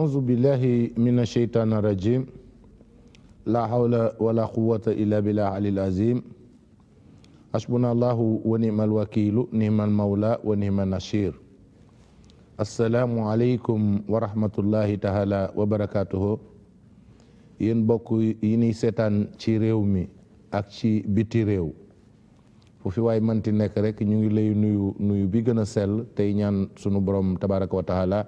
أعوذ بالله من الشيطان الرجيم لا حول ولا قوة إلا بالله العلي العظيم حسبنا الله ونعم الوكيل نعم المولى ونعم النصير السلام عليكم ورحمة الله تعالى وبركاته yéen bokk yi ñuy seetaan ci réew mi ak ci biti réew fu fi waay manti nekk rek ñu ngi lay nuyu nuyu bi gën a sell tey ñaan sunu borom tabaraka wa taala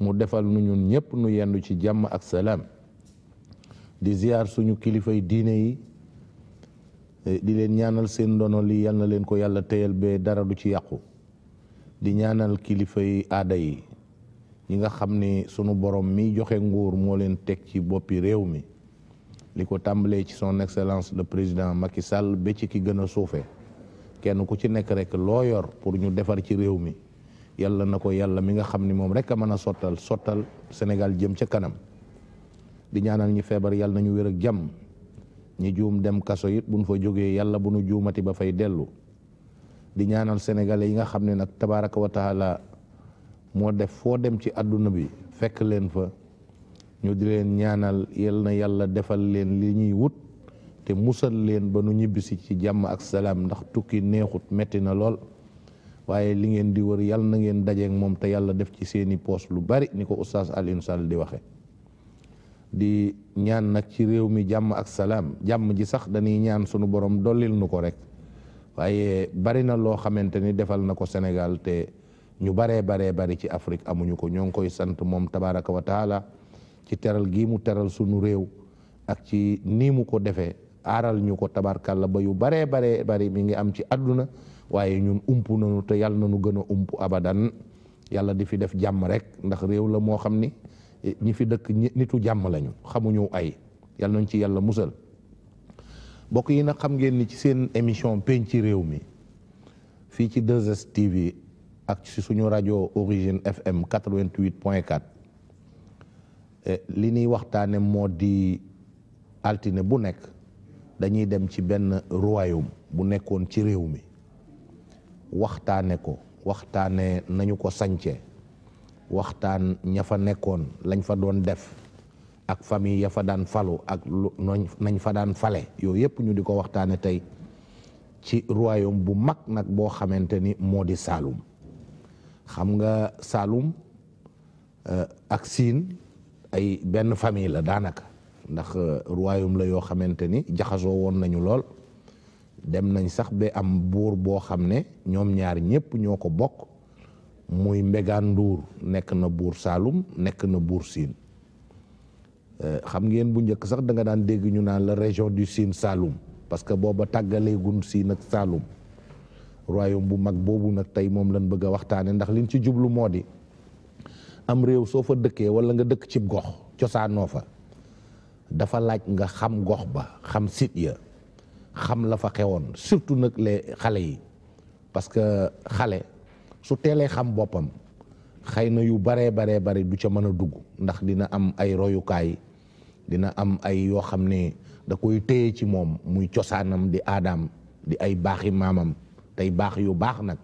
mu defal nu ñun ñëpp nu yendu ci jàmm ak salaam di ziar suñu kilifay diine yi eh, di leen ñaanal seen ndono li yal na leen ko yàlla teyal ba dara du ci yàqu di ñaanal kilifay aada yi ñi nga xam ni sunu borom mi joxe nguur moo leen teg ci boppi réew mi li ko tàmbalee ci son excellence le président Macky sàll ba ci ki gën a suufe kenn ku ci nekk rek loo yor pour ñu defar ci réew mi yàlla na ko yàlla mi nga xam ni moom rek a mën a sottal sottal Sénégal jëm ca kanam di ñaanal ñi feebar yàlla nañu wér ak jàmm ñi juum dem kaso it buñ fa jógee yàlla bu nu juumati ba fay dellu di ñaanal sénégalais yi nga xam ne nag tabaraka wa moo def foo dem ci àdduna bi fekk leen fa ñu di leen ñaanal yal na yàlla defal leen li ñuy wut te musal leen ba nu ñibbisi ci jàmm ak salaam ndax tukki neexut metti na lool waaye li ngeen di wër yal na ngeen dajeek moom te yàlla def ci seeni poos lu bari ni ko oustaz Alioune Sall di waxe di ñaan nag ci réew mi jàmm ak salaam jàmm ji sax dañuy ñaan sunu borom dollil nu ko rek waaye bari na loo xamante ni defal na ko senegal te ñu baree baree bari ci Afrique amuñu ko ñoo ngi koy sant moom tabaraka wa taala ci teral gii mu teral sunu réew ak ci niimu ko defee aaral ñu ko tabarkalla ba yu baree baree bari mi ngi am ci àdduna waaye ñun ump nañu te yàlla nañu gën a ump abadan yàlla di fi def jàmm rek ndax réew la moo xam ni ñi fi dëkk nitu jàmm lañu xamuñu ay yàlla nañ ci yàlla musal mbokk yi nag xam ngeen ni ci seen émission ci réew mi fii ci 2STV ak si suñu rajo origine FM point 4 eh, li ñuy waxtaane moo di altine bu nekk dañuy dem ci benn royaume bu nekkoon ci réew mi waxtaane ko waxtaane nañu ko sance waxtaan ña fa nekkoon lañ fa doon def ak famille ya fa daan falu ak nañ fa daan fale yooyu yëpp ñu di ko waxtaane tey ci royaume bu mag nag boo xamante ni moo di Saalum xam nga Saalum eh, ak Siin ay benn famille la daanaka ndax eh, royaume la yoo xamante ni jaxasoo woon nañu lool dem nañ sax ba am buur boo xam ne ñoom ñaar ñëpp ñoo ko bokk muy Mbégaan Nduur nekk na buur Saalum nekk na buur Siin euh, xam ngeen bu njëkk sax danga daan dégg ñu naan la région du Sine Saloum parce que booba tàggaleegun Sine ak Saloum royaume bu mag boobu nag tey moom lañ bëgg a waxtaane ndax liñ ci jublu moo di am réew soo fa dëkkee wala nga dëkk cib gox cosaanoo fa dafa laaj nga xam gox ba xam sit ya xam la fa xewoon surtout nag les xale yi parce que xale su teelee xam boppam xëy na yu baree baree bari du ca mën a dugg ndax dina am ay royukaay dina am ay yoo xam ne da koy téye ci moom muy cosaanam di aadaam di ay baaxi maamam tey baax yu baax nag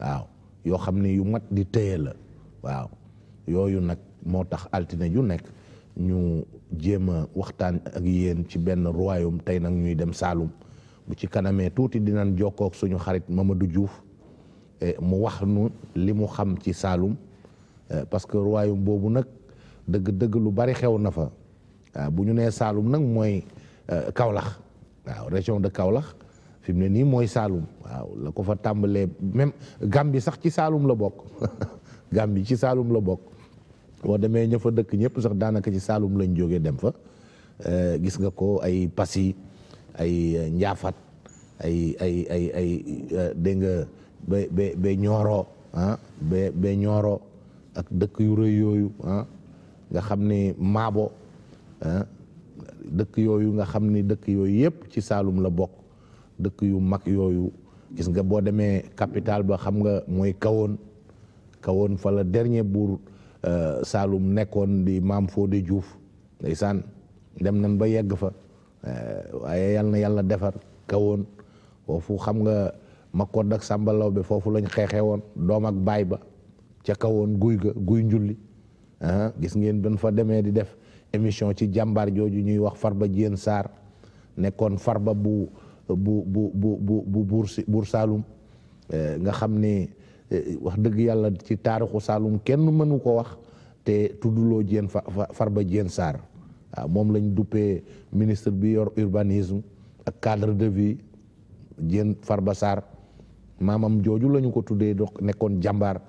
waaw yoo xam ne yu mat di téye la waaw yooyu nag moo tax altine ju nekk ñu jéem a waxtaan ak yéen ci benn royaume tey nag ñuy dem Saalum bu ci kanamee tuuti dinañ jokkook suñu xarit du juuf eh, mu wax nu li mu xam ci Saalum eh, parce que royaume boobu nag dëgg dëgg lu bari xew na fa ah, bu ñu nee Saalum nag mooy eh, Kaolack waaw région de Kaolack fi mu ne nii mooy Saalum waaw la ko fa tàmbalee même Gambie sax ci Saalum la bokk Gambie ci Saalum la bokk boo demee ña fa dëkk ñëpp sax daanaka ci Saalum lañ jógee dem fa gis nga ko ay Passy ay Njaafat ay ay ay ay eh, dégg nga ba ah, ak dëkk yu rëy yooyu ah, nga xam ni maabo ah, dëkk yooyu nga xam ni dëkk yooyu yëpp ci Saalum la bokk dëkk yu mag yooyu gis nga boo demee capital ba xam nga mooy kawoon kawoon fa la dernier buur eh, Saalum nekkoon di maam foo juuf Diouf ndeysaan dem nañ ba yegg fa eh, waaye yal na yàlla defar kawoon foofu xam nga Makodde ak Samba Lawbe foofu lañ xeexee woon doom ak baay ba ca kawoon guy ga guy njulli ah gis ngeen ban fa demee di def émission ci jàmbaar jooju ñuy wax far Farba Diène Sarr nekkoon far ba bu bu bu bu bu buur si buur Saalum eh, nga xam ni eh, wax dëgg yàlla ci taarixu Saalum kenn mënu ko wax te tudduloo Diène ba Diène saar waaw ah, moom lañ duppee ministre bi yor urbanisme ak cadre de vie Diène Farba Sarr maamam jooju la ñu ko tuddee do nekkoon jàmbaar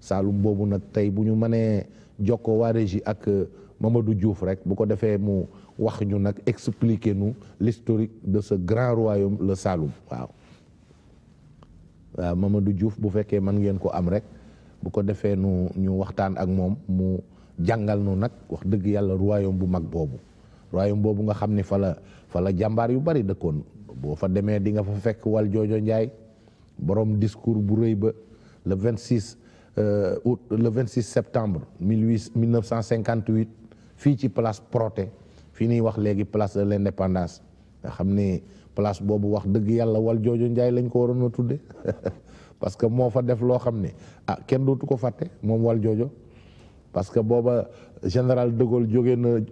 Saalum boobu nag tey bu ñu mënee jokkoo waa régie ak euh, Mamadou Diouf rek bu ko defee mu wax ñu nag expliquer nu l'historique de ce grand royaume le Saloum waaw waaw Mamadou Diouf bu fekkee mën ngeen ko am rek bu ko defee nu ñu waxtaan ak moom mu jàngal nu nag wax dëgg yàlla royaume bu mag boobu royaume boobu nga xam ni fa la fa la jàmbaar yu bari dëkkoon boo fa demee di nga fa fekk wal joojo njaay borom discours bu rëy ba le 26 euh, août le 26 septembre 18 1958 fii ci place Protet fii nii wax léegi place de l'indépendance nga xam ni place boobu wax dëgg yàlla wal joojo njaay lañ ko waroon a tudde parce que moo fa def loo xam ne ah kenn dootu ko fàtte moom wal joojo parce que booba général de jóge na euh,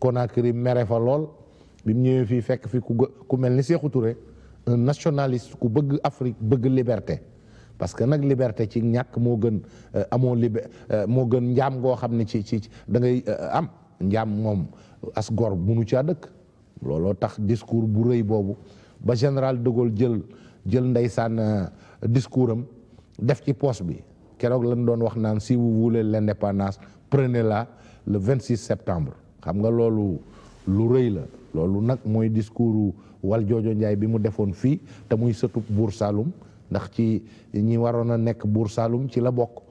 Conakry mere fa lool bi mu ñëwee fii fekk fi ku ku mel ni Sékou Touré un nationaliste ku bëgg Afrique bëgg liberté parce que nag liberté ci ñàkk moo gën euh, amoo libe euh, moo gën njaam goo xam ne ci ci da ngay euh, am njaam moom as gor munu caa looloo tax discours bu rëy boobu ba général de jël jël ndeysaan discours am def ci poste bi keroog lañ doon wax naan si wule voulez l'indépendance prenez-la le 26 septembre xam nga loolu lu rëy la loolu nag mooy discours wal joojo njaay bi mu defoon fii te muy sëtu buur Saalum ndax ci ñi waroon a nekk buur Saalum ci la bokk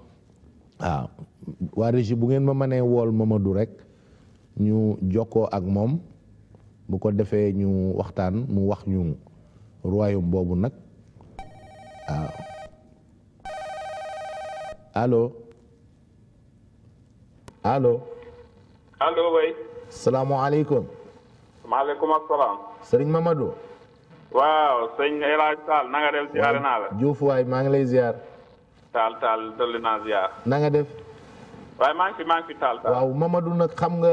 waaw ah, waa régie bu ngeen ma mënee wool Mamadou rek ñu jokkoo ak moom bu ko defee ñu waxtaan mu wax ñu royaume boobu nag waaw ah. allo allo allo way salaamaaleykum maaleykum asalaam. sëriñ Mamadou. waaw sëñ El Hadj Tall na nga def ziare maa ngi lay ziar. Tall Tall naa ziar. na def. waaye maa ngi fi maa ngi fi Tall Tall. waaw Mamadou nag xam nga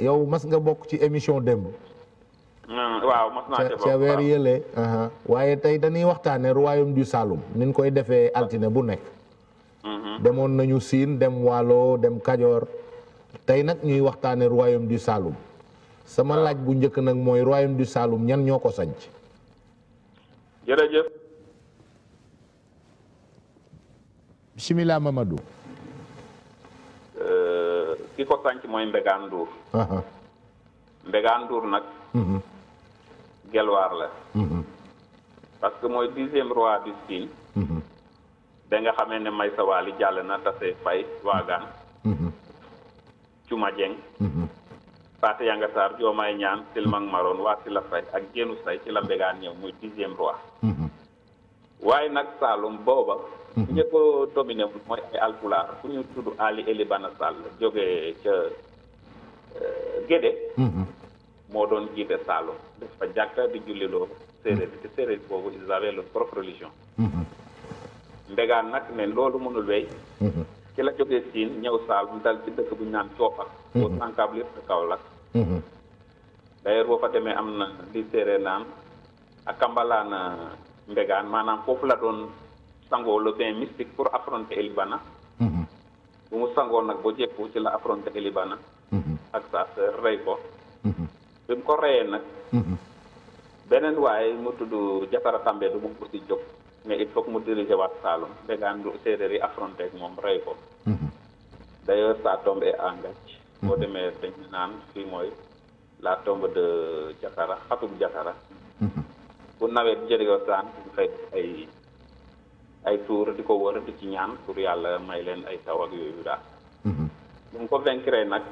yow mas nga bokk ci émission démb. Hmm, waaw mas naa ca ca weer yële. waaye tey dañuy waxtaane royaume du Saloum ni koy defee altine bu nekk. Hmm. demoon nañu Siin dem Waalo dem Kajoor tey nag ñuy waxtaane royaume du saalum sama laaj bu njëkk nag mooy royaume du Saloum ñan ñoo ko sanc jërëjëf bisimilah Mamadou euh, ki ko sanc mooy Mbégaan Ndour Mbégaan Ndour nag mhm. gelwaar la mhm. parce que mooy dixième roi du Sine da mhm. nga xamee ne Maysa jàll na tase Fay Waagaan Cuma Paate Yanga Sarr Joomaay Ñaan Silmang Maroon waa Sila Fay ak Jéenu Say ci la Mbegaan ñëw muy dixième roi mhm. waaye nag Saalum booba su ñu ko mooy ay alpulaar ku ñu tudd Ali Elibana Sall jógee ca euh, Gédé mhm. moo doon jiite Saalum def fa jàkka di julliloo séeréer bi te séeréer boobu ils avaient leur mhm. Mbegaan nag ne loolu mënul wéy ci la jógee ñëw Saalum dal ci dëkk bu ñu naan coopal boo sànkaab lépp Kaolack Mm-hmm. d'ailleurs boo fa demee am na li séeréer naan ak kambalaan mbegaan maanaam foofu la doon sangoo lu bain mystique pour affronter Elibana mm-hmm. bu mu sangoo nag ba jekku ci la affronter Elibana mm-hmm. ak sa sœur rey ko bi ko reyee nag beneen waaye mu tudd Jatara Tambe du bugg si jóg ne il faut mu diriger waat Saalum mbegaan séeréer yi affronter ak moom rey ko d'ailleurs ça tombé en Ngathie boo mhm. demee dañ naan fii mooy la tombe de Jakara xatub Jakara mhm. bu nawet jëriñoo saan xëy ay ay di ko wër di ci ñaan pour yàlla may leen ay taw ak yooyu daal. Mhm. bu mu ko vaincre nag.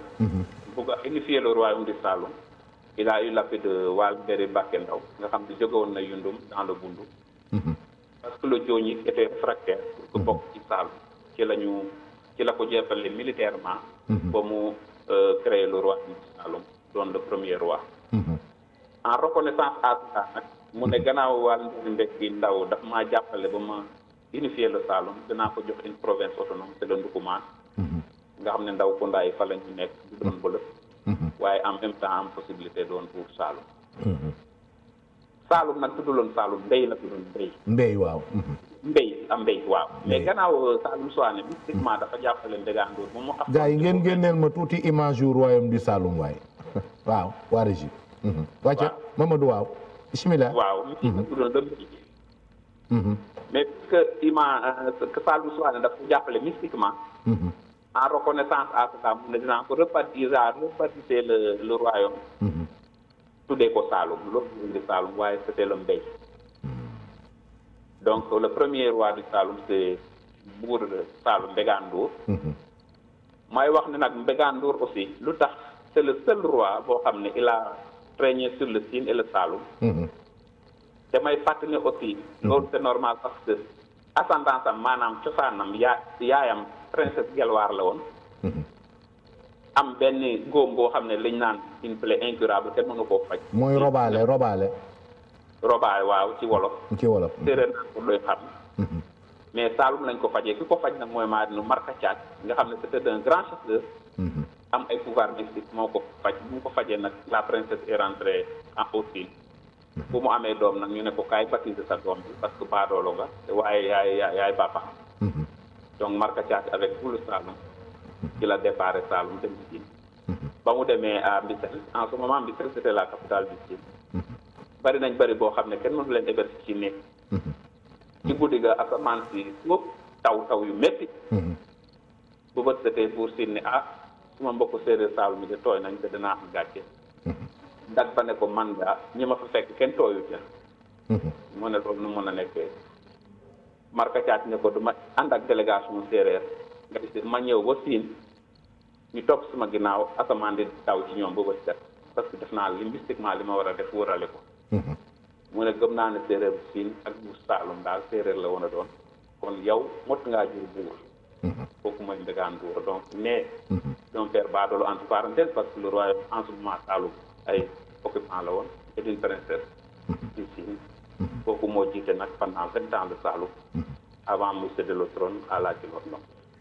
bugg a unifier le royaume du Saloum. il a eu l'appui de Walbéry Mbacké nga xam di jóge na Yundum dans le Boundou. parce que le Diogni était fractaire pour que bokk ci Saloum ci lañu ci la ko jàppale militairement. ba Euh, créé le roi du doon le premier roi. Mhm. en reconnaissance à ça nag mu ne mhm. gannaaw wàll mbéy mi ndaw daf maa jàppale ba ma inifier le Saloum danaa ko jox une province autonome c'est le Ndoukoumane. Mhm. nga xam ne ndaw ko ndaay fa la nekk du doon bëlëb. waaye en même temps am possibilité doon buur Saloum. Saalum nag tudduloon Saalum Mbey la tuddoon Mbey. Mbey waaw. Mhm. Mbey am Mbey waaw. mais gannaaw euh, Saalum Souané bi. effectivement dafa jàppale Ndege moom moo. gars yi ngeen génneel ma tuuti image yu royaume du Saalum waaye. waaw waa régie. Mhm. waaw wàcce Mamadou waaw. waaw. Mhm. mais que ima euh, que Saalum dafa jàppale mystiquement. en reconnaissance à cela mu ne dinaa ko repartir repartir le le royaume. tuddee ko Saalum lépp di Saalum waaye c'était le mbéy donc le premier roi du Saalum c'est buur Saalum Mbégandour mooy wax ne nag Mbégandour aussi lu tax c'est le seul roi boo xam ne il a sur le Sine et le Saloum te may fàttali aussi loolu c'est normal parce que ascendance am maanaam cosaanam yaa yaayam princesse Gelwaar la woon am benn góom boo xam ne lañ naan une plaie incurable kenn mënu koo faj. mooy robaale robaale. robaale waaw ci wolof. ci wolof séeréer naan ko doy xam. mais Saalum lañ ko fajee ki ko faj nag mooy Marino Marka Thiat nga xam ne c'était un grand chasseur. Mm-hmm. am ay pouvoir mystique moo ko faj bu mu ko fajee nag la princesse est rentrée en haute mm-hmm. bu mu amee doom nag ñu ne ko kaay baptiser sa doom bi parce que baadoolo nga te waaye yaay yaay papa. Mm-hmm. donc Marka Thiat avec tout ci la départ Saloum dem mm-hmm. ba mu demee à Mbissel en ce moment Mbissel c'était la capitale bi Sine mm-hmm. bari nañ bari boo xam ne kenn mënu leen héberger ci néeg mm-hmm. ci guddi ga asamaan si suuf taw taw yu métti bu bët setee buur Sine ne ah suma mbokk séeréer Saloum yi de tooy nañ te danaa am gàcce dag ba ne ko man daa ñi ma fa fekk kenn tooyu ca mu ne loolu nu mën a nekkee marka ne ko duma ànd ak délégation séeréer ma ñëw ba siin ñu topp sama ginnaaw asamaan di daw ci ñoom ba ba set parce que def naa linguistiquement li ma war a def wërale ko mhm. mu ne gëm naa ne séeréer bu siin ak bu saalum daal séeréer la woon a doon kon yow mot ngaa jur buur mhm. kooku mooy Ndegane Ndour donc mais mhm. son père Badolo entre parenthèses parce que le royaume en ce moment Saloum ay occupant la woon et une princesse moo jiite nag pendant vingt ans le Saloum avant mu céder le trône à Ladji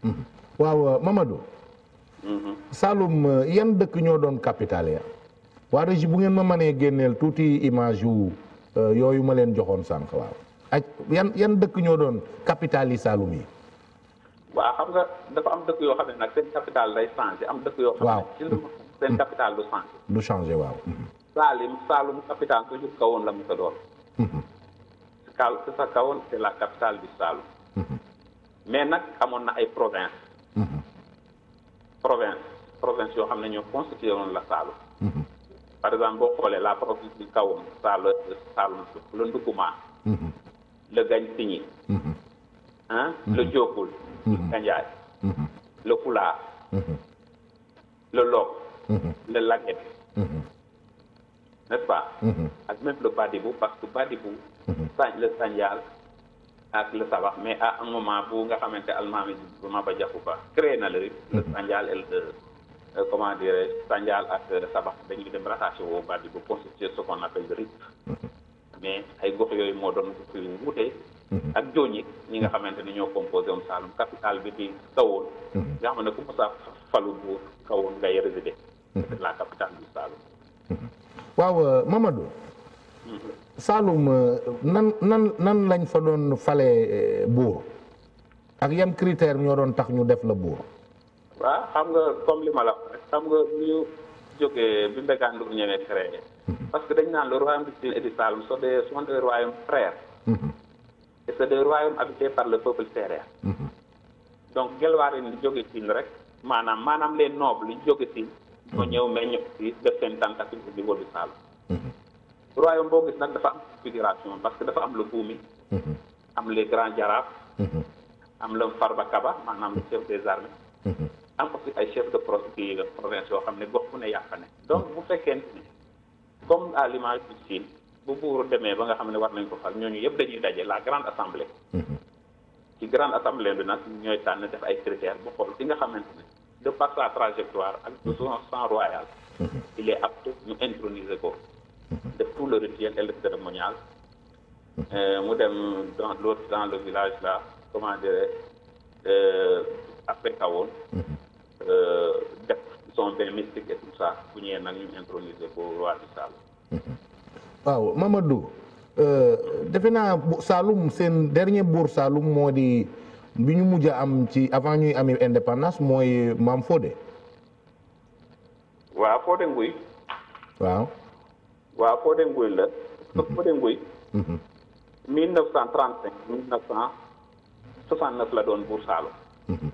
Mm-hmm. waaw euh, mamado mm-hmm. Saloum euh, yan dëkk ñoo doon capital ya waa régie bu ngeen ma manee génneel tuuti image yu euh, yooyu ma leen joxoon sànq waaw ak yan yan dëkk ñoo doon capital yi Saloum yi. waaw xam nga dafa am dëkk yoo xam ne nag capital day changé am dëkk mm-hmm. changé. waaw. Salim Saloum capital toujours kawoon la mu ko doon. Kaw sa kawoon c'est la capitale du Saloum. mais nag amoon na ay province mhm. province province yoo xam ne ñoo constitué woon la Saalum mhm. par exemple boo xoolee la province du Kawum Saalum Saalum le Ndoukouma mhm. le Gagny-Signy ah le Diokoul Gandiaye le Foular le Lop le Laguet n'est-ce pa ak même le Badibou parce que sa le Sandial ak le sabah mais à un moment bu nga xamante almaami Maba Jaxu Ba créé na le le mm-hmm. Sandial et le euh, comment dirais Sandial ak sabax dañuy dem rattaché woo baat bi bu constituer ce qu'on appelle le RIP mm-hmm. mais ay gox yooyu moo doon gox yu wute ak jooñi ñi nga xamante ni ñoo composé am Saalum capital bi di kawoon mm-hmm. nga xam ku mosa falu bu kawoon ngay résidé la capitale du Saalum waaw euh, Mamadou Saalum euh, nan nan nan lañ fa doon fale euh, buur ak yan critère ñoo doon tax ñu def la buur. waaw xam nga comme li ma la xam nga ñu jógee bi Mbégaan du ñëwee créé mhm. parce que dañ naan le royaume du Sine et du Saloum sont des sont des royaumes frères. Mhm. et c'est des royaumes habités par le peuple sérère. Mhm. donc gelwaar yi ñu jóge Sine rek maanaam maanaam les nobles yu jóge Sine. moo ñëw meññ si def seen tentative au niveau du Saloum. royaume boo gis nag dafa am configuration parce que dafa am la buumi mm-hmm. am les grands jaraaf mm-hmm. am le ba Kaba maanaam mm-hmm. chef des armées am aussi ay chef de province yoo xam ne gox bu ne yaa donc bu fekkente ni comme à l'image du bu buuru demee ba nga xam ne war nañ ko fal ñooñu yëpp dañuy daje la grande assemblée ci grande assemblée bi nag ñooy tànn def ay critères bu xool ki nga xamante ne de par sa trajectoire ak de son sang royal il est apte ñu introniser ko def tout le rituel et euh, mu dem dans le village la comment dirais-je euh, après mhm. euh, def son bain mystique et tout ça bu ñëwee nag ñu introniser ko roi du Saloum. Mhm. waaw Mamadou. defe naa Saloum seen dernier buur Saloum moo di bi ñu mujj a am ci avant ñuy ami indépendance mooy maam Fodé. waaw Fodé Nguy. waaw. waaw Fodé Nguy la. Mm-hmm. Fodé Nguy. 1935 mm-hmm. 1969 la doon buur Saalum. Mm-hmm.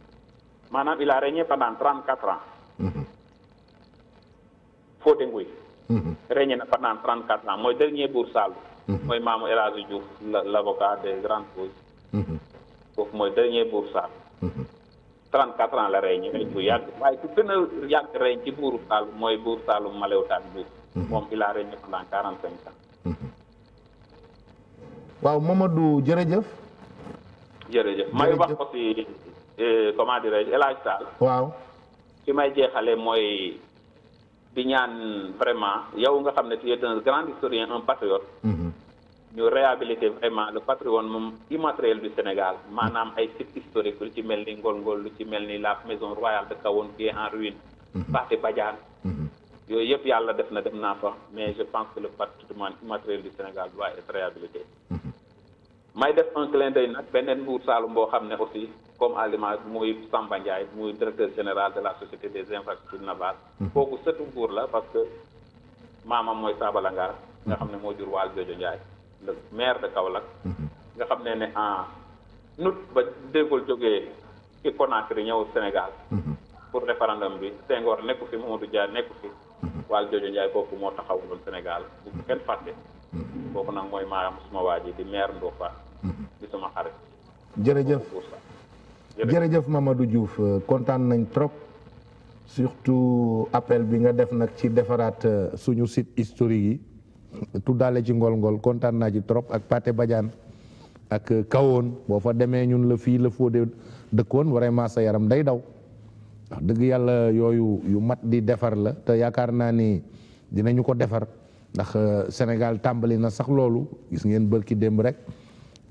maanaam il a régné pendant 34 ans. Fodé Nguy. régné na pendant 34 ans mooy dernier buur Saalum. mooy maamu El Hadji Diouf l' avocat des grandes causes. foofu mooy dernier buur Saalum. 34 ans la régné bu yàgg waaye ku gën a yàgg régné ci buuru Saalum mooy buur Saalum Malew Taan Diouf. Mm-hmm. moom il a régné pendant quarante cinq ans. Mm-hmm. waaw Mamadou jërëjëf. jërëjëf may wax ko si eh, comment dirais-je El Hadj Tall. waaw. fi may jeexale mooy di ñaan vraiment yow nga xam ne tu es un grand historien un patriote. Mm-hmm. ñu réhabiliter vraiment le patrimoine immatériel du Sénégal maanaam ay sites historiques lu ci mel ni Ngol Ngol lu ci mel ni la maison royale de Kahone qui est en ruine. Pathé Badiane. yooyu yëpp yàlla def na dem naa fa mais je pense que le patrimoine immatériel du Sénégal doit être réhabilité mm-hmm. may def un clin de nag beneen Mbour Saloum boo xam ne aussi comme à l'image muy Samba Ndiaye muy directeur général de la société des infrastructures navales kooku mm-hmm. sëtu Mbour la parce que maamam mooy Sabalangaar nga xam ne mm-hmm. moo jur Waal Jojo Ndiaye maire de Kaolack nga xam ne ne en août ba déggul jógee ci Conakry ñëw Sénégal pour référendum bi Senghor nekku fi Mamadou Dia nekku fi waal joojo Njaay kooku moo taxaw loolu Sénégal bu ko nag mooy maaram suma waa ji di maire Ndofane di sama xarit jërëjëf jërëjëf Mamadou Diouf euh, kontaan nañ trop surtout appel bi nga def nag ci defaraat euh, suñu site historique yi tuddaale ci ngool ngol kontaan naa ci trop ak Paté Badiane ak euh, kawoon boo fa demee ñun la fii la fóode dëkkoon vraiment sa yaram day daw wax dëgg yàlla yooyu yu mat di defar la te yaakaar naa ni dinañu ko defar ndax euh, Sénégal tàmbali na sax loolu gis ngeen bërki démb rek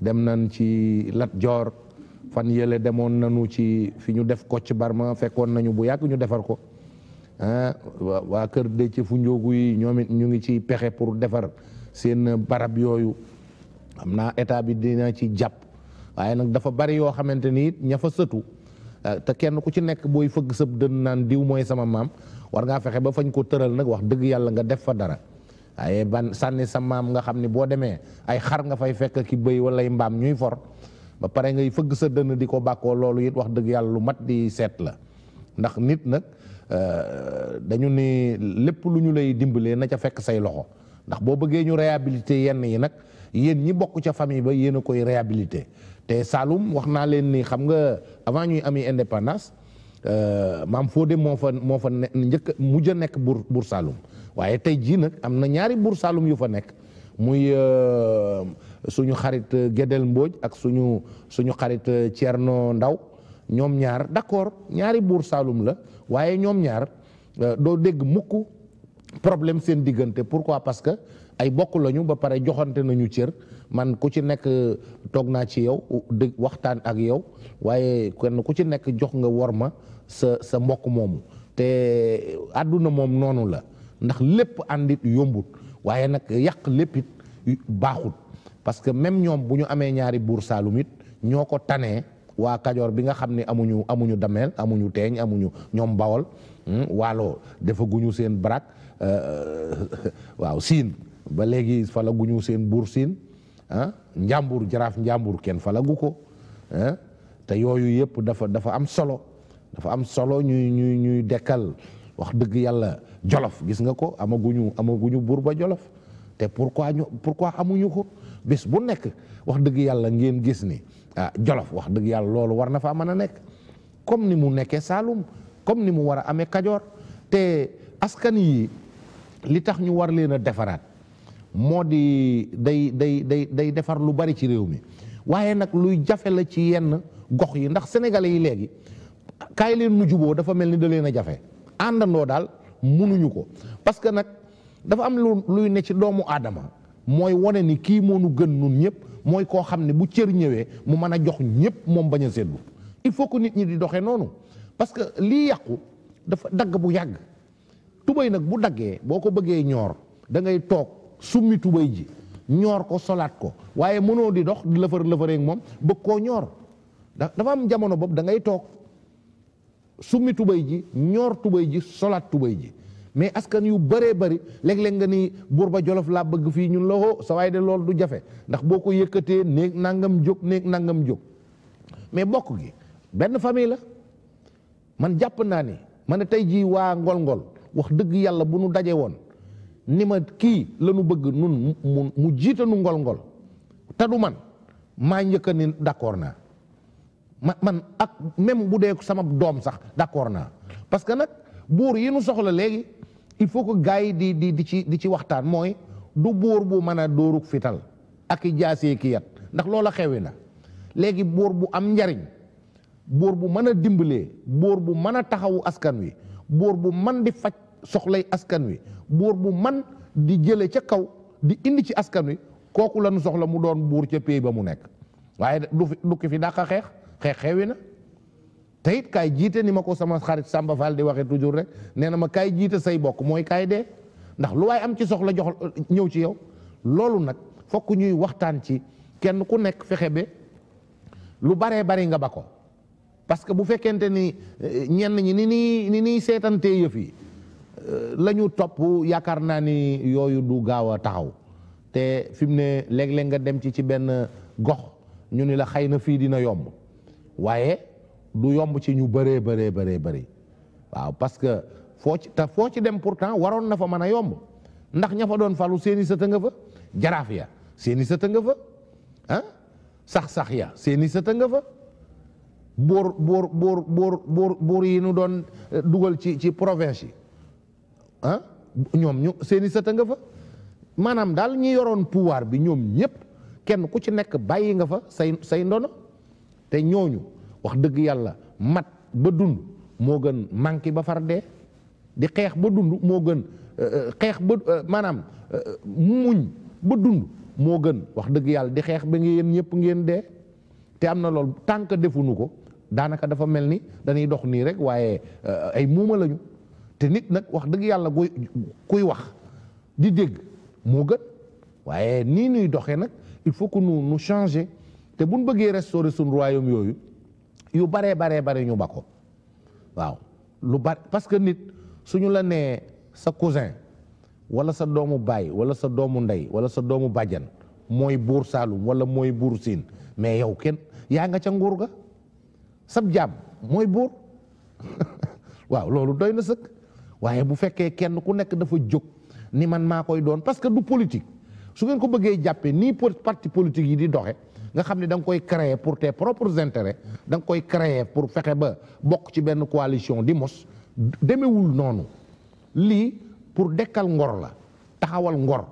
dem nañ ci Lat Joor fan yële demoon nañu ci fi ñu def Kocc Barma fekkoon nañu bu yàgg ñu defar ko ah waa kër Déthié fu njóogu yi ñoom it ñu ngi ci pexe pour defar seen barab yooyu am naa état bi dina ci jàpp waaye nag dafa bari yoo xamante ni it ña fa sëtu Euh, te kenn ku ci nekk booy fëgg sëb dënn naan diw mooy sama maam war ngaa fexe ba fañ koo tëral nag wax dëgg yàlla nga def fa dara waaye ban sànni sa maam nga xam ni boo demee ay xar nga fay fekk ki bëy wala ay mbaam ñuy for ba pare ngay fëgg sa dënn di ko bàkkoo loolu it wax dëgg yàlla lu mat di seet la ndax nit nag euh, dañu ni lépp lu ñu lay dimbalee na ca fekk say loxo ndax boo bëggee ñu réhabilité yenn yi nag yéen ñi bokk ca famille ba yéen a koy réhabilité avant ñuy ami indépendance euh, maam foo de moo fa moo fa ne njëkk mujj a nekk buur buur Saalum waaye tey jii nag am na ñaari buur Saalum yu fa nekk muy euh, suñu xarit euh, Gédel Mbodj ak suñu suñu xarit noo Ndaw ñoom ñaar d'accord ñaari buur Saalum la waaye ñoom ñaar doo dégg mukk problème seen diggante pourquoi parce que ay bokk lañu ba pare joxante nañu cër man ku ci nekk toog naa ci yow di waxtaan ak yow waaye kon ku ci nekk jox nga wor ma sa sa mbokk moomu te àdduna moom noonu la ndax lépp àndit yombut waaye nag yàq léppit baaxut parce que même ñoom bu ñu amee ñaari buur saalum it ñoo ko tanee waa kajoor bi nga xam ne amuñu amuñu dameel amuñu teeñ amuñu ñoom bawol hmm, waaloo dafa guñu seen barak euh, waaw siin ba léegi fa la guñu seen buur siin ah njàmbur jaraaf njàmbur kenn falagu ko ah, te yooyu yëpp dafa dafa am solo dafa am solo ñuy ñuy ñuy dekkal wax dëgg yàlla jolof gis nga ko amaguñu amaguñu buur ba jolof te pourquoi ñu pourquoi amuñu ko bés bu nekk wax dëgg yàlla ngeen gis ni ah jolof wax dëgg yàlla loolu war na faa mën a nekk comme ni mu nekkee Saalum comme ni mu war a amee Kajoor te askan yi li tax ñu war leen a defaraat. moo di day day day day defar lu bari ci réew mi waaye nag luy jafe la ci yenn gox yi ndax sénégalais yi léegi kaay leen nu juboo dafa mel ni da leen a jafe àndandoo daal munuñu ko parce que nag dafa am luy ne ci doomu aadama mooy wane ni kii moo gën nun ñëpp mooy koo xam ne bu cër ñëwee mu mën a jox ñëpp moom bañ a seddu il faut que nit ñi di doxee noonu parce que lii yàqu dafa dagg bu yàgg tubéy nag bu daggee boo ko bëggee ñoor da ngay toog summi tubay ji ñoor ko solaat ko waaye mënoo di dox di lëfër lëfëreek moom bëgg koo ñoor dafa am jamono boobu da ngay toog summi tubay ji ñoor tubay ji solaat tubay ji mais askan yu bëree bëri léeg-léeg nga ni buur ba jolof laa bëgg fii ñun la hoo oh, sa de loolu du jafe ndax boo ko yëkkatee néeg nangam jóg néeg nangam jóg mais bokk gi benn famille la man jàpp naa ni man ne tey jii waa ngol-ngol wax dëgg yàlla bu nu daje woon ni ma kii la nu bëgg nun mu mu jiite nu ngol-ngol te du man maa njëkk ni d'accord naa ma man ak même bu dee sama doom sax d'accord naa parce que nag buur yi nu soxla léegi il faut que gars yi di di di ci di ci waxtaan mooy du buur bu mën a dóoru fital ak i jaasee ki yat ndax loola xewi na léegi buur bu am njariñ buur bu mën a dimbalee buur bu mën a taxawu askan wi buur bu man di faj soxlay askan wi buur bu man di jële ca kaw di indi ci askan wi kooku lañu soxla mu doon buur ca pays ba mu nekk waaye du du ki fi dàqa xeex xeex xewi na te it kaay jiite ni ma ko sama xarit Samba Fall di waxee toujours rek nee na ma kaay jiite say bokk mooy kaay dee ndax lu waaye am ci soxla jox ñëw ci yow loolu nag fokk ñuy waxtaan ci kenn ku nekk fexe ba lu baree bari nga ba ko parce que bu fekkente ni eh, ñenn ñi ni ni ni niy seetantee yëf yi la ñu topp yaakaar naa ni yooyu du gaaw a taxaw te fi mu ne léeg-léeg nga dem ci ci benn gox ñu ni la xëy na fii dina yomb waaye du yomb ci ñu bëree bëree bëree bëri waaw parce que foo ci te foo ci dem pourtant waroon na fa mën a yomb ndax ña fa doon falu seeni sa nga fa jaraaf ya seeni sëtë nga fa sax-sax ya seeni sëtë nga fa buur buur buur buur buur buur yi nu doon eh, dugal ci ci province yi ah ñoom ñu seen i nga fa maanaam daal ñi yoroon pouvoir bi ñoom ñëpp kenn ku ci nekk bàyyi nga fa say say ndono te ñooñu wax dëgg yàlla mat ba dund moo gën manqué ba far dee di xeex ba dund moo gën euh, euh, xeex ba euh, maanaam muñ ba dund moo gën wax dëgg yàlla di xeex ba ngeen ñëpp ngeen dee te am na loolu tànk defuñu ko daanaka dafa mel ni dañuy dox nii rek waaye ay muuma lañu te nit nag wax dëgg yàlla kuy kuy wax di dégg moo gën waaye nii nuy doxee nag il faut que nu changer te buñ bëggee restaurer suñ yooyu yu baree baree bare ñu ba ko waaw lu bari parce que nit suñu la nee sa cousin wala sa doomu baay wala sa doomu ndey wala sa doomu bàjjan mooy buur Saalum wala mooy buur Siin mais yow kenn yaa nga ca nguur ga sab jaam mooy buur waaw loolu doy na sëkk waaye bu fekkee kenn ku nekk dafa jóg ni man maa koy doon parce que du politique su ngeen ko bëggee jàppee nii parti politique yi di doxe nga xam ne danga koy créer pour tes propres intérêts da nga koy créer pour fexe ba bokk ci benn coalition di mos demewul noonu lii pour dekkal ngor la taxawal ngor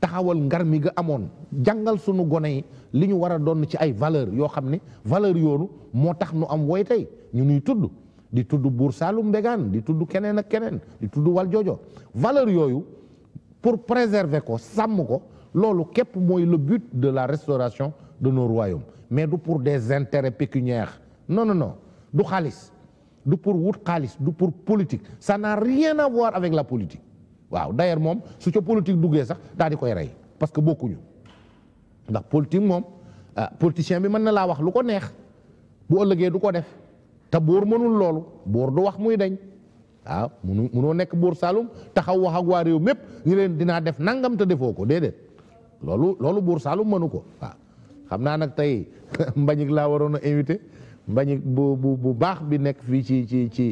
taxawal ngar mi ga amoon jàngal sunu gone yi li ñu war a doon ci ay valeur yoo xam ni valeur yoonu moo tax nu am woy tey ñu nuy tudd di tudd buur Saalum Mbegaan di tudd keneen ak keneen di tudd wal joojo valeur yooyu pour préserver ko sàmm ko loolu képp mooy le but de la restauration de nos royaumes mais du pour des intérêts pécuniaires non non non du xaalis du pour wut xaalis du pour politique ça n'a rien à avec la politique waaw d'ailleurs moom su ca politique duggee sax daal di koy rey parce que bokkuñu ndax politique moom ah, politicien bi mën na laa wax lu ko neex bu ëllëgee du ko def te buur mënul loolu buur du wax muy dañ waaw munu munoo nekk buur Saalum taxaw wax ak waa réew mépp ñu leen dinaa def nangam te defoo ko déedéet loolu loolu buur Saalum mënu ko waaw xam naa nag tey mbañik laa waroon a invité mbañik bu bu baax bi nekk fii ci ci ci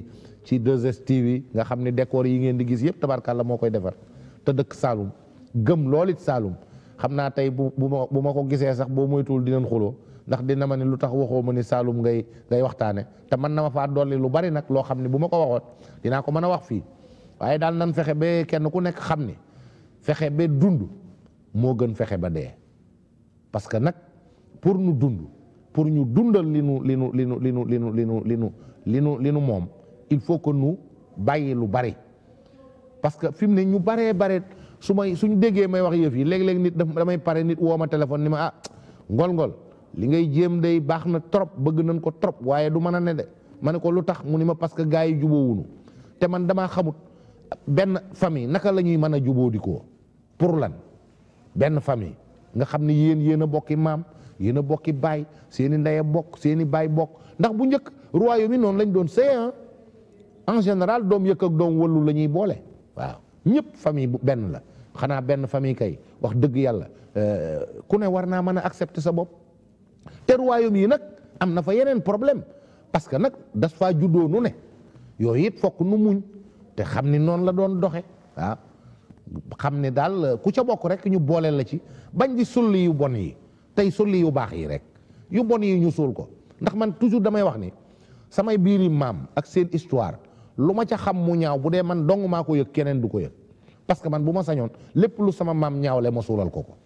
ci 2STV nga xam ne décor yi ngeen di gis yëpp tabarkàlla moo koy defar te dëkk Saalum gëm lool it Saalum xam naa tey bu bu ma bu ma ko gisee sax boo moytuwul dinañ xuloo ndax dina ma ne lu tax waxoo ma ni Saalum ngay ngay waxtaane te mën na ma faa dolli lu bari nag loo xam ne bu ma ko waxoon dinaa ko mën a wax fii waaye daal nan fexe ba kenn ku nekk xam ni fexe ba dund moo gën fexe ba dee parce que nag pour nu dund pour ñu dundal li nu li nu li nu li nu li nu li nu li nu li nu li nu moom il faut que nu bàyyi lu bari parce que fi mu ne ñu baree bare su may suñu déggee may wax yëf yi léeg-léeg nit damay pare nit woo ma téléphone ni ma ah ngol-ngol li ngay jéem day baax na trop bëgg nañ ko trop waaye du mën a ne de ma ne ko lu tax mu ni ma parce que gars yi jubóowunu te man damaa xamut benn famille naka la ñuy mën a jubóo di ko pour lan benn famille nga xam ne yéen yéen a bokki maam yéen a bokki baay seen i ndey bokk seen i baay bokk ndax bu njëkk royaume yi noonu lañ doon séen en général doom yëkk ak doom wëllu la ñuy boole waaw ñëpp famille bu benn la xanaa benn famille kay wax dëgg yàlla euh, ku ne war naa mën a accepter sa bopp. te royaume yi nag am na fa yeneen problème parce que nag das faa juddoo nu ne yooyu it fokk nu muñ te xam ni noonu la doon doxe waaw xam ni daal ku ca bokk rek ñu booleel la ci bañ di sulli yu bon yi tey sulli yu baax yi rek yu bon yi ñu suul ko ndax man toujours damay wax ni samay biiri maam ak seen histoire lu ma ca xam mu ñaaw bu dee man dong maa ko yëg keneen du ko yëg parce que man bu ma sañoon lépp lu sama maam ñaawle ma suulal ko ko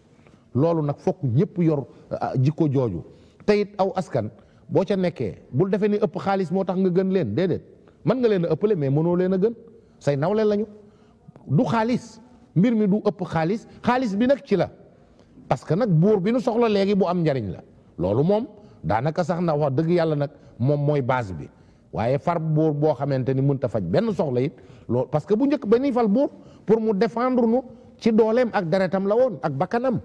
loolu nag fokk ñëpp yor ah, jikko jooju te it aw askan boo ca nekkee bu defee ni ëpp xaalis moo tax nga gën leen déedéet mën nga leen a ëppale mais mënoo leen a gën say nawle lañu du xaalis mbir mi du ëpp xaalis xaalis bi nag ci la parce que nag buur bi nu soxla léegi bu am njariñ la loolu moom daanaka sax na wax dëgg yàlla nag moom mooy base bi waaye far buur boo xamante ni mënut a faj benn soxla it loolu parce que bu njëkk ba ñuy fal buur pour mu défendre nu ci dooleem ak deretam la woon ak bakkanam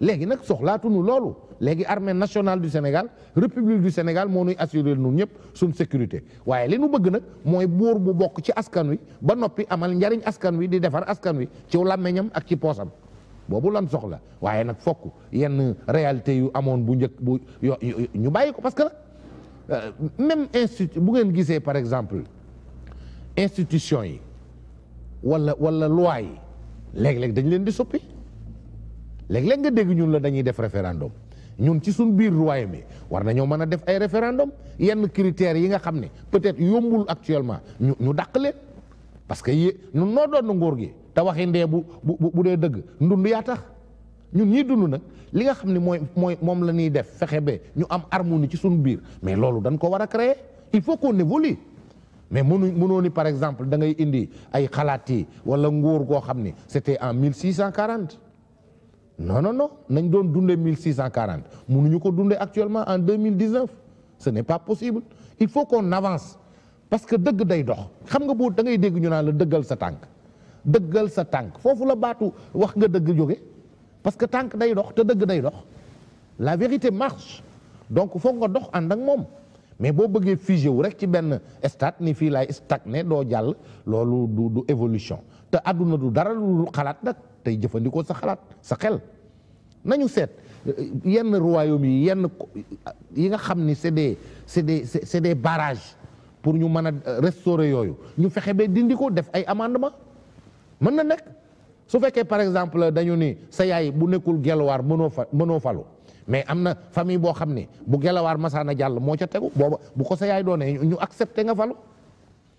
léegi nag soxlaatunu loolu léegi armée nationale du Sénégal république du Sénégal moo nuy assuré nun ñëpp sum sécurité waaye li nu bëgg nag mooy buur bu bokk ci askan wi ba noppi amal njariñ askan wi di defar askan wi ci làmmeñam ak ci poosam boobu lan soxla waaye nag fokk yenn réalité yu amoon bu njëkk bu ñu bàyyi ko parce que euh, même institut bu ngeen gisee par exemple institution yi wala wala loi yi léeg-léeg dañ leen di soppi léeg-léeg nga dégg ñun la dañuy def référendum ñun ci suñ biir royaume mi war nañoo mën a def ay référendum yenn critères yi nga xam ni peut-être yombul actuellement ñu ñu dàq parce que yé ñun noo doon nguur gi te waxi ndee bu bu bu dee dëgg ndund yaa tax ñun ñii dund nag li nga xam ni mooy mooy moom la ñuy def fexe ba ñu am harmonie ci suñu biir mais loolu dañ ko war a créer il faut qu'on évolue mais mënu mënoo ni par exemple da ngay indi ay xalaat yi wala nguur goo xam ne c'était en 1640 non non nañ doon dundee mille six cent quarante mënuñu ko dundee actuellement en deux mille dix neuf ce n'est pas possible il faut qu'on avance parce que dëgg day dox xam nga boo da ngay dégg ñu naan la dëggal sa tànk dëggal sa tànk foofu la baatu wax nga dëgg jóge parce que tànk day dox te dëgg day dox la vérité marche donc foog nga dox ànd ak moom mais boo bëggee figé wu rek ci benn stade ni fii laay stagné doo jàll loolu du du évolution te àdduna du dara lu xalaat nag tey jëfandikoo sa xalaat sa xel nañu seet yenn royaume yi yenn yi nga xam ni c'est des c'est des c'est des barrages pour ñu mën a euh, restaurer yooyu ñu fexe ba dindi ko def ay amendement mën na nekk su fekkee par exemple dañu ni sa yaay bu nekkul gelawaar mënoo fa mënoo falu mais am na famille boo xam ne bu gelawaar masaana jàll moo ca tegu booba bu ko sa yaay doonee ñu accepté nga falu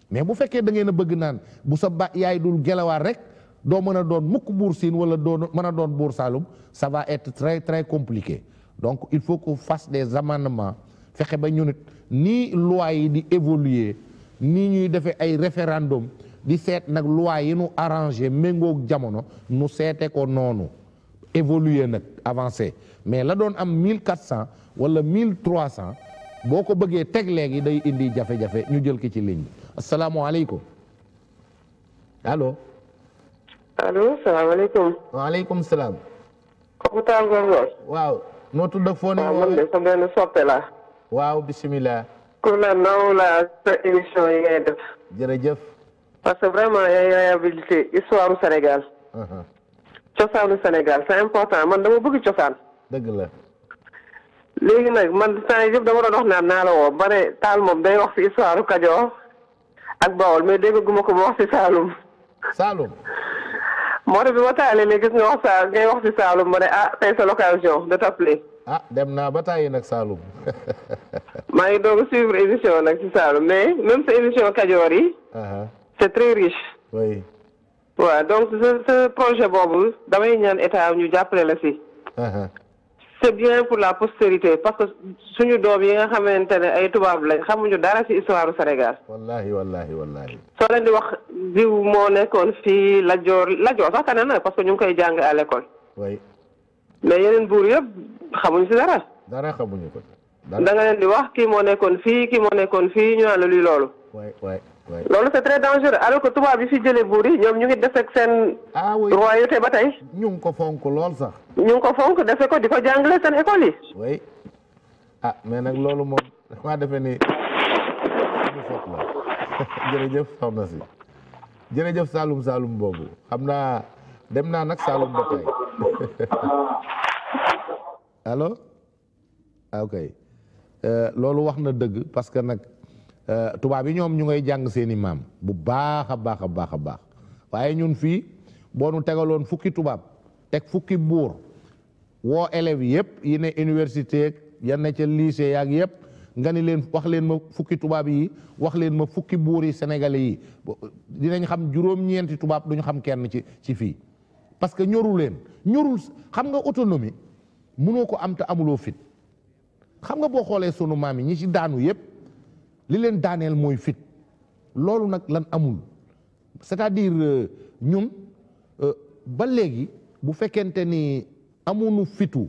mais bu fekkee da ngeen a bëgg naan bu sa ba yaay dul gelawaar rek doo mën a doon mukk buur siin wala doo mën a doon buur saalum ça va être très très compliqué donc il faut que fasse des amendements fexe ba ñu nit nii loi yi di évoluer nii ñuy defee ay référendum di seet nag loi yi nu arrangé méngoog jamono nu seete ko noonu évoluer nag avancé mais la doon am 1400 wala 1300 boo ko bëggee teg léegi day indi jafe-jafe ñu jël ki ci ligne bi asalaamualeykum allo. allo salaamaaleykum. waaleykum salaam. kooku tàngoor ngoor. waaw noo tudd ak foo ne. waaw man de sa benn soppe la. waaw bisimilah. ku la naw la sa émission yi ngay def. jërëjëf. parce que vraiment yaay réhabilité histoire du Sénégal. Uh-huh. cosaanu Sénégal c'est important man dama bëgg cosaan. dëgg la. léegi nag man saa yëpp dama doon wax naan naa la woo ba ne taal moom day wax fi histoire Kajoor. ak Bawol mais déggaguma ko ba wax ci Saalum. Saalum. moo tax bi ma taalee gis nga wax saa ngay wax ci Saalum ma ne ah tey sa l'occasion de t'appeler. ah dem naa ba tàyyi nag Saalum. maa ngi doog suivre émission nag ci Saalum mais même sa émission Kajoor yi. c'est très riche. oui. waaw donc ce projet boobu damay ñaan état ñu jàppale la si. c'est bien pour la postérité parce que suñu doom yi nga xamante ne ay tubaab lañ xamuñu dara ci histoire Sénégal. wallahi wallahi wallahi soo leen di wax diw moo nekkoon fii Lat Joor Lat Joor sax tane na parce que ñu ngi koy jàng à l'école. mais yeneen buur yëpp xamuñ si dara. dara xamuñu ko. danga leen di wax kii moo nekkoon fii ki moo nekkoon fii ñu naan la luy loolu. loolu c'est très dangereux alors que tubaab bi fi jëlee buur yi ñoom ñu ngi des ak seen. ah ba tey. ñu ngi ko fonk lool sax. ñu ngi ko fonk defe ko di ko jàngale seen école yi. oui ah mais nag loolu moom damaa defe ni suñu faute jërëjëf soxna si jërëjëf Saalum Saalum boobu xam naa dem naa nag Saalum ba tey allo ah, ok euh, loolu wax na dëgg parce que nag. Euh, tubaab yi ñoom ñu ngay jàng seeni maam bu baax a baax a baax a baax waaye ñun fii boo nu tegaloon fukki tubaab teg fukki buur woo élèves yëpp yi ne université ya ne ca lycée yaag yëpp nga ni leen wax leen ma fukki tubaab yi wax leen ma fukki buur yi sénégalais yi dinañ xam juróom-ñeenti tubaab duñu xam kenn ci ci fii parce que ñoru leen ñorul xam nga autonomie mënoo ko am te amuloo fit xam nga boo xoolee sunu maam yi ñi ci daanu yëpp li leen daaneel mooy fit loolu nag lan amul c'est-à-dire euh, ñun euh, ba léegi bu fekkente ni amuñu fitu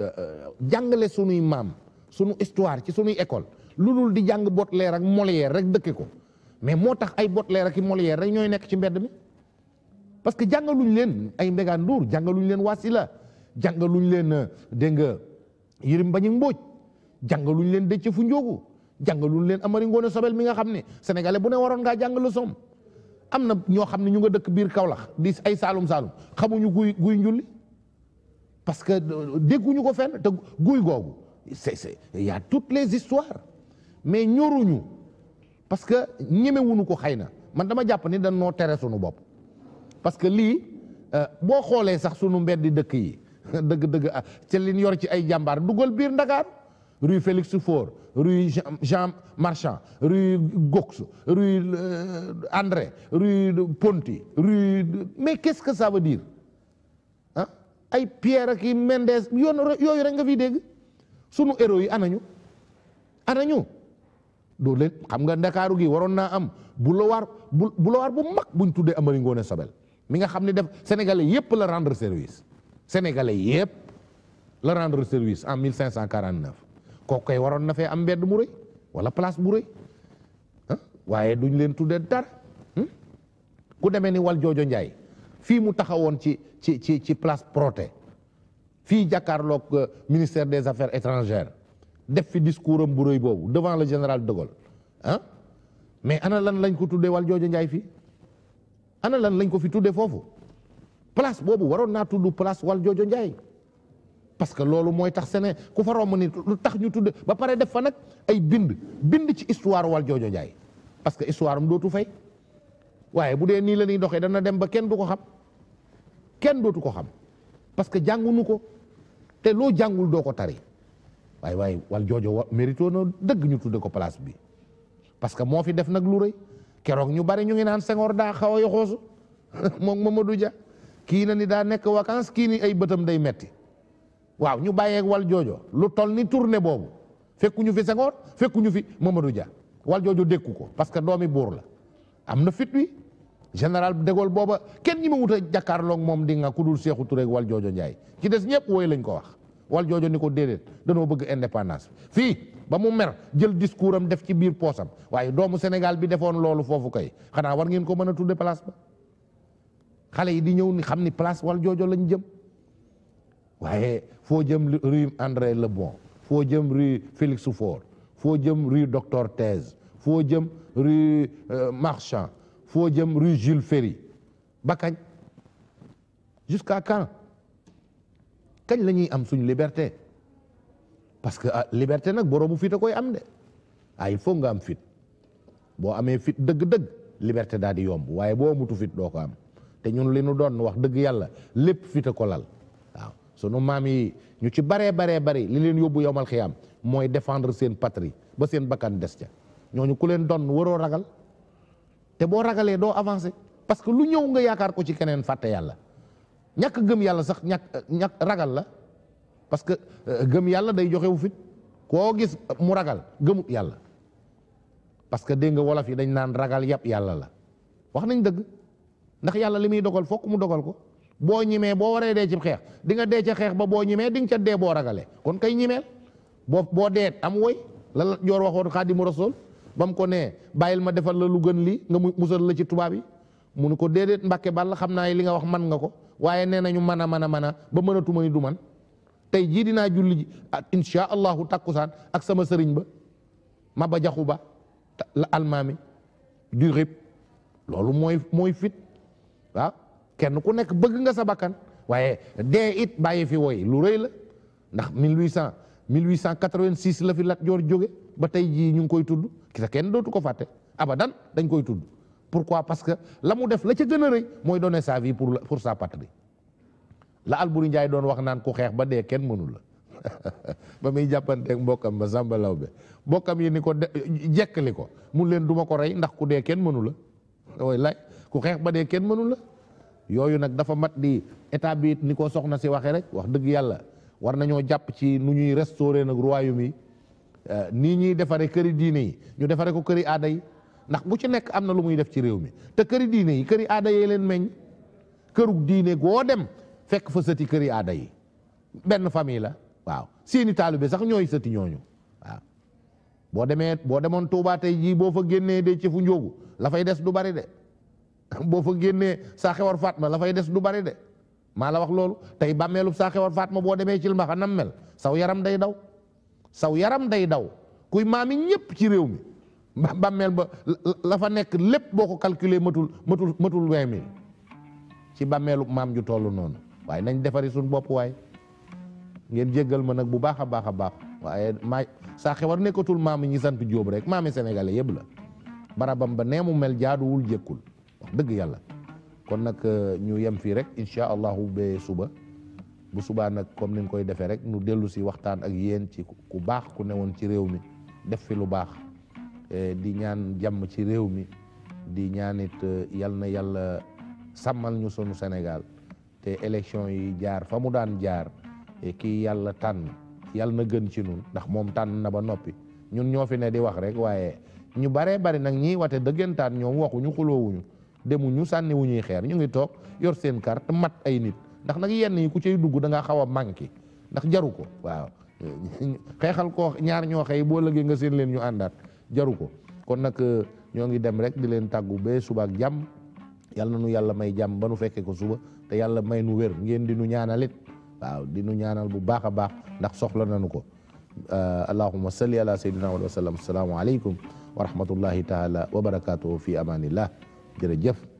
euh, jàngale sunuy maam sunu histoire ci sunuy école lu dul di jàng Baudelaire ak Molière rek dëkke ko mais moo tax ay Baudelaire ak Molière rek ñooy nekk ci mbedd mi parce que jàngaluñ leen ay Mbégaan Ndour jàngaluñ leen Wasila jàngaluñ leen dégg nga Yirim Mbañik Mbóoj jàngaluñ leen Déthié Foundiougu jàngalul leen Amari Ngoone Sobel mi nga xam ne sénégalais bu ne waroon ngaa jàng leçon am na ñoo xam ne ñu nga dëkk biir Kaolack di ay saalum saalum xamuñu guy guy njulli parce que euh, dégguñu ko fenn te guy googu c'est c'est y a les histoires mais ñoruñu parce que ñemewuñu ko xëy na man dama jàpp ni dañ noo tere sunu bopp parce que lii euh, boo xoolee sax sunu mbedd dëkk yi dëgg-dëgg ah, ci liñ yor ci ay jàmbaar dugal biir Ndakaar rue Félix Faure rue Jean Marchand rue Gox rue euh, André rue Ponty rue mais quest que ça veut dire ah ay Pierre ak i Mendès yoon yooyu rek nga fiy dégg sunu héros yi anañu anañu doo leen xam nga ndakaaru gi waroon naa am boulevard boulevard bu mag buñ tuddee Amari Ngoone Sobel mi nga xam ne def sénégalais yépp la rendre service sénégalais yépp la rendre service en 1549 kooku koy waroon na fee am mbedd mu rëy wala place bu ah, waaye duñ leen tudde dara hmm? ku demee ni wal joojo njaay fii mu taxawoon ci ci ci ci place Protet fii jàkkaarloog euh, ministère des affaires étrangères def fi discours am bu rëy boobu devant le général de ah? mais ana lan lañ ko tuddee wal joojo njaay fii ana lan lañ ko fi tuddee foofu place boobu waroon naa tudd place wal joojo njaay parce que loolu mooy tax senee ku fa romb ni lu tax ñu tudd ba pare def fa nag ay bind bind ci histoire wal joojo jaay parce que histoire am dootu fay waaye bu dee nii la ñuy doxee dana dem ba kenn du ko xam kenn dootu ko xam parce que jàngunu ko te loo jàngul doo ko tari waaye waaye wal joojo mérito na dëgg ñu tudde ko place bi parce que moo fi def nag lu rëy keroog ñu bari ñu ngi naan Senghor daa xaw a yoxoosu moom ma Mamadou ja kii na ni daa nekk vacances kii ni ay bëtam day metti waaw ñu bàyyeek wal joojo lu toll ni tournée boobu fekkuñu fi Senghor fekkuñu fi Mamadou Dia wal joojo dékku ko parce que doomi buur la am na fit wi général de Gaulle booba kenn ñi ma wut a jàkkaarloog moom di nga ku dul Sékou Touré ak joojo Ndiaye ci des ñëpp wooy lañ ko wax wal joojo ni ko déedéet danoo bëgg indépendance fii ba mu mer jël discours am def ci biir poosam waaye doomu Sénégal bi defoon loolu foofu kay xanaa war ngeen ko mën a tudde place ba xale yi di ñëw ni xam ni place wal joojo lañ jëm waaye foo jëm rue André Lebon foo jëm rue Félix Faure foo jëm rue doctor Thèse foo jëm rue euh, Marchand foo jëm rue Jules Ferry ba kañ jusqu'à quand kañ la ñuy am suñ liberté parce que ah, liberté nag boroomu fit a koy am de ah il nga am fit boo amee fit dëgg-dëgg liberté daal di yomb waaye boo mutu fit doo ko am te ñun li nu doon wax dëgg yàlla lépp fit a ko lal sunu maam yi ñu ci baree baree bari li leen yóbbu yowmal xiyaam mooy défendre seen patrie ba seen bakkan des ca ñooñu ku leen doon waroo ragal te boo ragalee doo avancé parce que lu ñëw nga yaakaar ko ci keneen fàtte yàlla ñàkk gëm yàlla sax ñàkk ñàkk ragal la parce que euh, gëm yàlla day joxewu fit koo gis mu ragal gëmut yàlla parce que dégg nga wolof yi dañ naan ragal yàpp yàlla la wax nañ dëgg ndax yàlla li muy dogal foog mu dogal ko boo ñimee boo waree dee ci xeex di nga dee ca xeex ba boo ñimee ding ca dee boo ragalee kon kay ñimeel boo boo deet am woy la la joor waxoon xaadimu rasul ba mu ko nee bàyyil ma defal la lu gën lii nga musal la ci tubaab yi mu ne ko déedéet mbàkke bàll xam naa li nga wax man nga ko waaye nee nañu mën a mën a mën a ba mënatu ma ni du man tey jii dinaa julli ji insha allahu takkusaan ak sama sëriñ ba ma ba jaxu ba la almaami du rib loolu mooy mooy fit kenn ku nekk bëgg nga sa bakkan waaye dee it bàyyi fi woy lu rëy la ndax cent 1800 1886 la fi Lat Joor jóge ba tey jii ñu ngi koy tudd ki sa kenn dootu ko fàtte abadan dañ koy tudd pourquoi parce que la mu def la ca gën a mooy donner sa yi pour pour sa patrie la Alburi Njaay doon wax naan ku xeex ba dee kenn mënul la ba muy jàppanteeg mbokkam ba law Lawbe mbokkam yi ni ko jekkali ko mun leen duma ko rey ndax ku dee kenn dee kenn mënu la yooyu nag dafa mat di état bi ni ko soxna si waxee rek wax dëgg yàlla war nañoo jàpp ci nu ñuy restaurer nag royaume yi euh, nii ñuy defare këri diine yi ñu defare ko këri aada yi ndax bu ci nekk am na lu muy def ci réew mi te këri diine yi këri aada yee leen meññ këru diine goo dem fekk fa sëti këri aada yi benn famille la waaw seeni taalibe sax ñooy sëti ñooñu waaw boo demee boo demoon Tuubaa tey jii boo fa génnee de ci fu njóogu la des du bari de boo fa génnee saa xewar ma la fay des du bari de maa la wax loolu tey bàmmeelub saa xewar ma boo demee ci ma xanam mel saw yaram day daw saw yaram day daw kuy maami ñëpp ci réew mi bàmmeel ba la fa nekk lépp boo ko calculer matul matul matul vingt ci bàmmeelub maam ju toll noonu waaye nañ defari suñ bopp waay ngeen jéggal ma nag bu baax a baax a baax waaye maa saa xewar nekkatul maami ñi sant Jóob rek maami sénégalais yëpp la barabam ba nee mu mel jaaduwul jékkul wax dëgg yàlla kon nag euh, ñu yem fii rek incha allahu ba suba bu subaa nag comme niñ koy defee rek ñu dellu si waxtaan ak yéen ci ku baax ku newoon ci réew mi def fi lu baax e, di ñaan jàmm ci réew mi di ñaanit e, yal na yàlla sàmmal ñu sunu Sénégal te élection yi jaar fa mu daan jaar e, kii yàlla tànn yàlla na gën ci ñun ndax moom tànn na ba noppi ñun ñoo fi ne di wax rek waaye ñu baree bari nag ñiy wate dëggantaan ñoom waxuñu xuloowuñu demuñu sànni wu ñuy xeer ñu ngi toog yor seen carte mat ay nit ndax nag yenn yi ku cay dugg da ngaa xaw a manqué ndax jaru ko waaw xeexal ko ñaar ñoo xëy boo lëggee nga seen leen ñu àndaat jaru ko kon nag euh, ñoo ngi dem rek di leen tàggu bee suba ak jàmm yàlla na nu yàlla may jàmm ba nu fekkee ko suba te yàlla may nu wér ngeen di nu ñaanal it waaw di nu ñaanal bu baax a baax ndax soxla nañu ko euh, allahumma salli ala sayyidina wa sallam assalaamu aleykum wa rahmatullahi taala wa barakatuhu fi amanillah jëf